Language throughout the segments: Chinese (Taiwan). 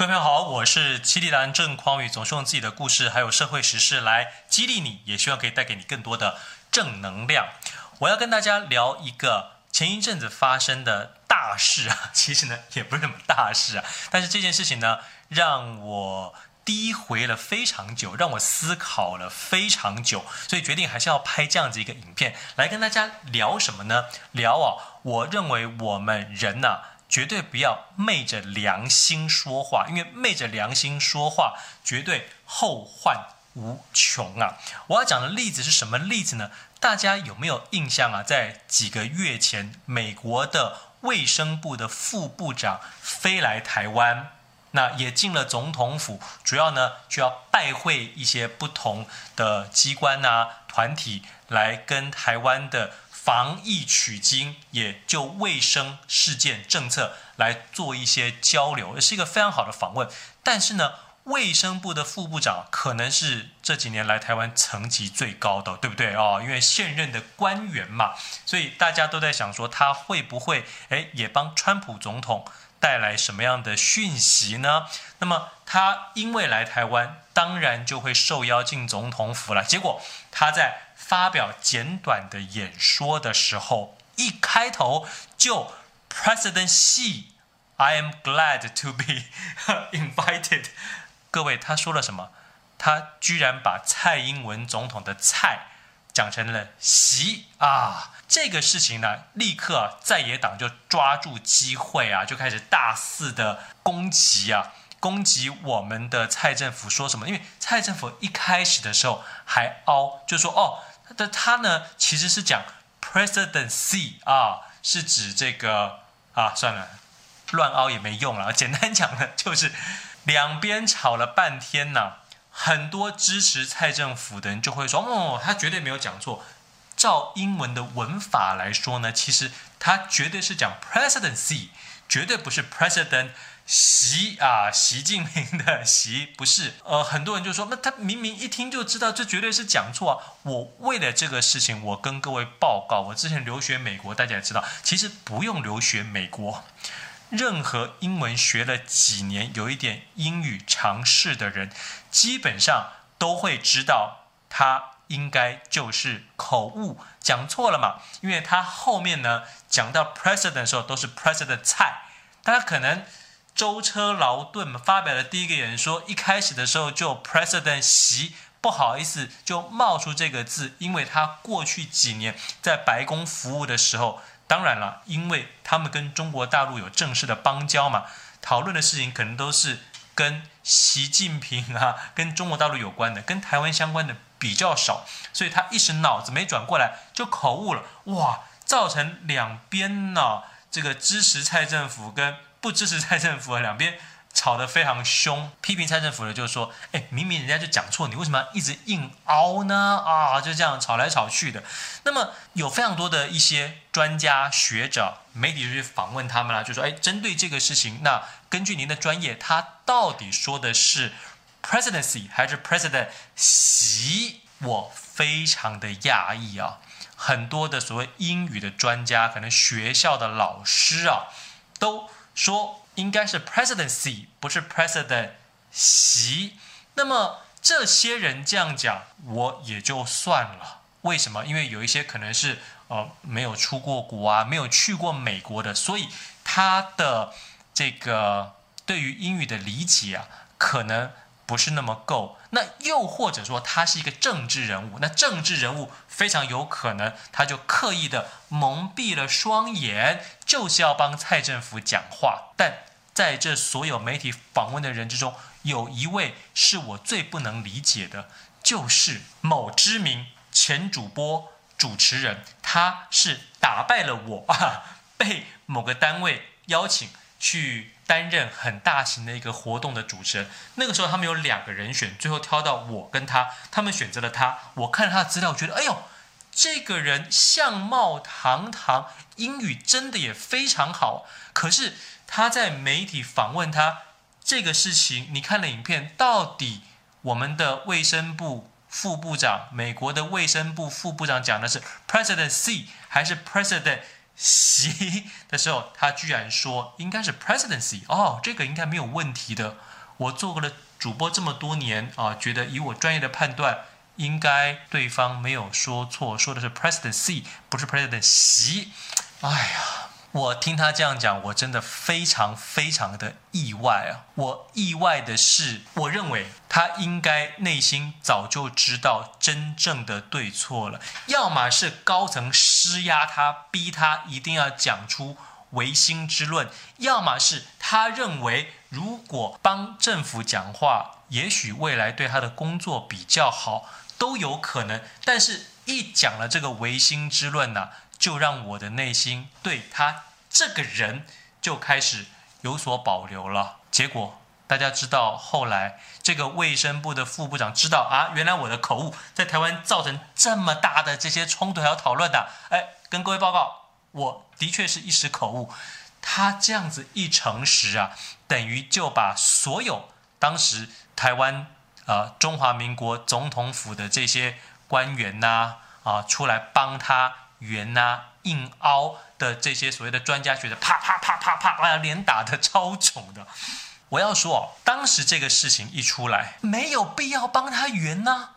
各位朋友好，我是七里蘭鄭匡宇，總是用自己的故事還有社會時事來激勵你，也希望可以帶給你更多的正能量。我要跟大家聊一個前一陣子發生的大事啊，其實呢也不是什麼大事啊，但是這件事情呢讓我低回了非常久，讓我思考了非常久，所以決定還是要拍這樣子一個影片來跟大家聊什麼呢？聊啊，我認為我們人呢、啊。絕對不要昧着良心說話，因為昧着良心說話，絕對後患無窮啊！我要講的例子是什麼例子呢？大家有沒有印象啊？在幾個月前，美國的衛生部的副部長飛來台灣，那也進了總統府，主要呢就要拜會一些不同的機關啊、團體，來跟台灣的。防疫取經，也就衛生事件政策來做一些交流，也是一個非常好的訪問。但是呢，衛生部的副部長可能是這幾年來台灣層級最高的，對不對啊？哦，因為現任的官員嘛，所以大家都在想說，他會不會誒，也幫川普總統帶來什麼樣的訊息呢？那麼他因為來台灣，當然就會受邀進總統府了。結果他在發表簡短的演說的時候，一開頭就 “President Xi”，I am glad to be invited。各位，他說了什麼？他居然把蔡英文總統的“蔡”講成了“習”啊！這個事情呢，立刻在野黨就抓住機會啊，就開始大肆的攻擊啊，攻擊我們的蔡政府說什麼？因為蔡政府一開始的時候還凹，就說哦，他的他，他呢其實是講 presidency 啊，是指這個啊，算了，亂凹也沒用了。簡單講呢，就是兩邊吵了半天呢，啊，很多支持蔡政府的人就會說，哦，他絕對沒有講錯。照英文的文法來說呢，其實他絕對是講 presidency，絕對不是 president 習啊，習近平的習，不是。呃，很多人就說，那他明明一聽就知道，這絕對是講錯啊。我為了這個事情，我跟各位報告，我之前留學美國，大家也知道，其實不用留學美國，任何英文學了幾年，有一點英語常識的人，基本上都會知道他。應該就是口誤講錯了嘛。因為他後面呢講到 president 的時候都是 president 蔡。大家可能舟車勞頓，發表的第一個演說一開始的時候就 president 習，不好意思就冒出這個字，因為他過去幾年在白宮服務的時候，當然了，因為他們跟中國大陸有正式的邦交嘛，討論的事情可能都是跟習近平啊、跟中國大陸有關的，跟台灣相關的，比較少，所以他一時腦子沒轉過來，就口誤了。哇，造成兩邊呢、啊，這個支持蔡政府跟不支持蔡政府兩邊吵得非常凶。批評蔡政府的就說：“哎，明明人家就講錯，你為什麼一直硬凹呢？”啊，就這樣吵來吵去的。那麼有非常多的一些專家學者、媒體就去訪問他們了，就說：“哎，針對這個事情，那根據您的專業，他到底說的是？” presidency 還是 president 習，我非常的訝異啊！很多的所謂英語的專家，可能學校的老師啊，都說應該是 presidency，不是 president 習。那麼這些人這樣講，我也就算了。為什麼？因為有一些可能是呃沒有出過國啊，沒有去過美國的，所以他的這個對於英語的理解啊，可能。不是那麼夠，那又或者說他是一個政治人物，那政治人物非常有可能他就刻意的蒙蔽了雙眼，就是要幫蔡政府講話。但在這所有媒體訪問的人之中，有一位是我最不能理解的，就是某知名前主播主持人，他是打敗了我，被某個單位邀請。去擔任很大型的一個活動的主持人，那個時候他們有兩個人選，最後挑到我跟他，他們選擇了他。我看了他的資料，我覺得哎呦，這個人相貌堂堂，英語真的也非常好。可是他在媒體訪問他，他這個事情，你看了影片，到底我們的衛生部副部長，美國的衛生部副部長講的是 President C 還是 President？席的時候，他居然說應該是 presidency，哦，這個應該沒有問題的。我做過了主播這麼多年啊，覺得以我專業的判斷，應該對方沒有說錯，說的是 presidency，不是 president 席。哎呀！我聽他這樣講，我真的非常非常的意外啊！我意外的是，我認為他應該內心早就知道真正的對錯了，要麼是高層施壓他，逼他一定要講出違心之論，要麼是他認為如果幫政府講話，也許未來對他的工作比較好，都有可能。但是一講了這個違心之論呢、啊？就讓我的內心對他這個人就開始有所保留了。結果大家知道，後來這個衛生部的副部長知道啊，原來我的口誤在台灣造成這麼大的這些衝突，還要討論的。哎，跟各位報告，我的確是一時口誤。他這樣子一誠實啊，等於就把所有當時台灣啊、呃、中華民國總統府的這些官員吶、呃、啊出來幫他圓吶、啊，硬凹的這些所謂的專家學者，啪啪啪啪啪，啪，臉連打得超腫的。我要說，當時這個事情一出來，沒有必要幫他圓吶、啊，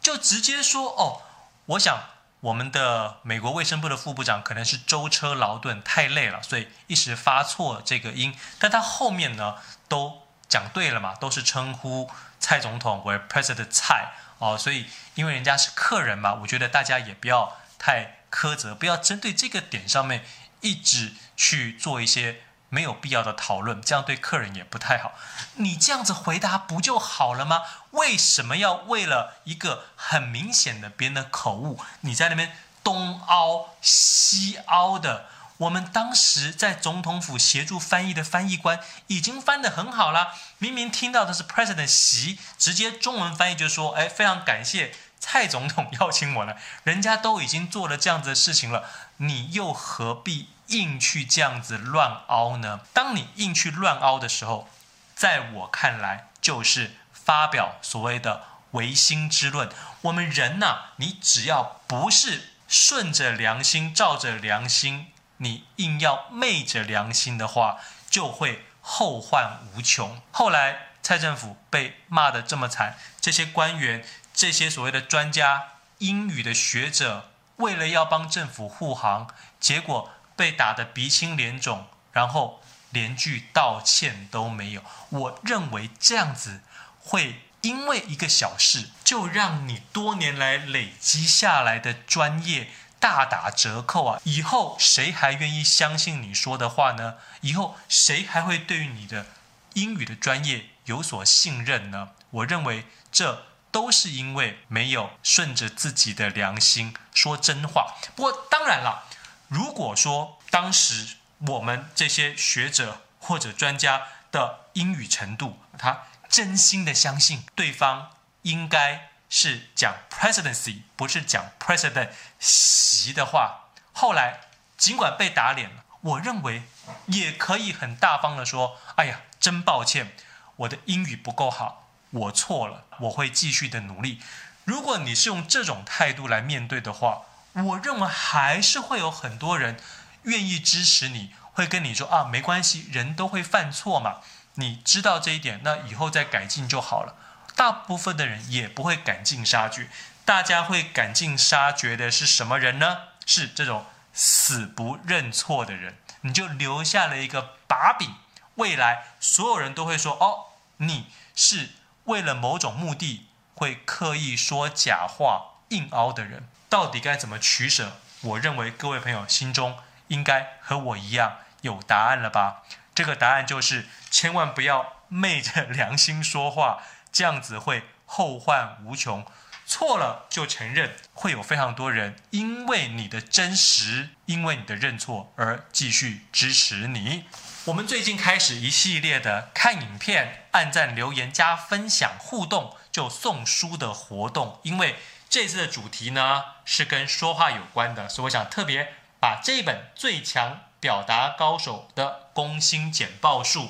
就直接說哦，我想我們的美國衛生部的副部長可能是舟車勞頓太累了，所以一時發錯這個音。但他後面呢都講對了嘛，都是稱呼蔡總統為 President 蔡哦，所以因為人家是客人嘛，我覺得大家也不要太。苛責，不要針對這個點上面一直去做一些沒有必要的討論，這樣對客人也不太好。你這樣子回答不就好了嗎？為什麼要為了一個很明顯的別人的口誤，你在那邊東凹西凹的？我們當時在總統府協助翻譯的翻譯官已經翻得很好了，明明聽到的是 President 習，直接中文翻譯就說：“哎，非常感謝。”蔡總統邀請我了，人家都已經做了這樣子的事情了，你又何必硬去這樣子亂凹呢？當你硬去亂凹的時候，在我看來就是發表所謂的唯心之論。我們人吶、啊，你只要不是順着良心、照着良心，你硬要昧着良心的話，就會後患無窮。後來蔡政府被罵得這麼慘，這些官員。這些所謂的專家、英語的學者，為了要幫政府護航，結果被打得鼻青臉腫，然後連句道歉都沒有。我認為這樣子會因為一個小事就讓你多年來累積下來的專業大打折扣啊！以後誰還願意相信你說的話呢？以後誰還會對於你的英語的專業有所信任呢？我認為這都是因為沒有順着自己的良心說真話。不過當然了，如果說當時我們這些學者或者專家的英語程度，他真心的相信對方應該是講 presidency，不是講 president 習的話，後來儘管被打臉了，我認為也可以很大方的說：“哎呀，真抱歉，我的英語不夠好。”我錯了，我會繼續的努力。如果你是用這種態度來面對的話，我認為還是會有很多人願意支持你，會跟你說啊，沒關係，人都會犯錯嘛，你知道這一點，那以後再改進就好了。大部分的人也不會趕盡殺絕，大家會趕盡殺絕的是什麼人呢？是這種死不認錯的人，你就留下了一個把柄，未來所有人都會說哦，你是。為了某種目的，會刻意說假話、硬凹的人，到底該怎麼取捨？我認為各位朋友心中應該和我一樣有答案了吧？這個答案就是：千萬不要昧着良心說話，這樣子會後患無窮。錯了就承認，會有非常多人因為你的真實，因為你的認錯而繼續支持你。我們最近開始一系列的看影片、按讚、留言、加分享、互動就送書的活動，因為這次的主題呢是跟說話有關的，所以我想特別把這本《最強表達高手的攻心簡報術》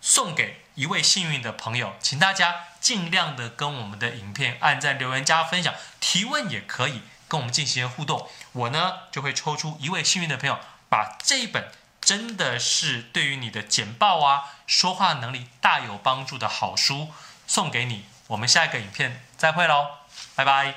送給一位幸運的朋友，請大家盡量地跟我們的影片按讚、留言、加分享、提問也可以跟我們進行互動。我呢就會抽出一位幸運的朋友，把這一本真的是對於你的簡報啊、說話能力大有幫助的好書送給你。我們下一個影片再會嘍，拜拜。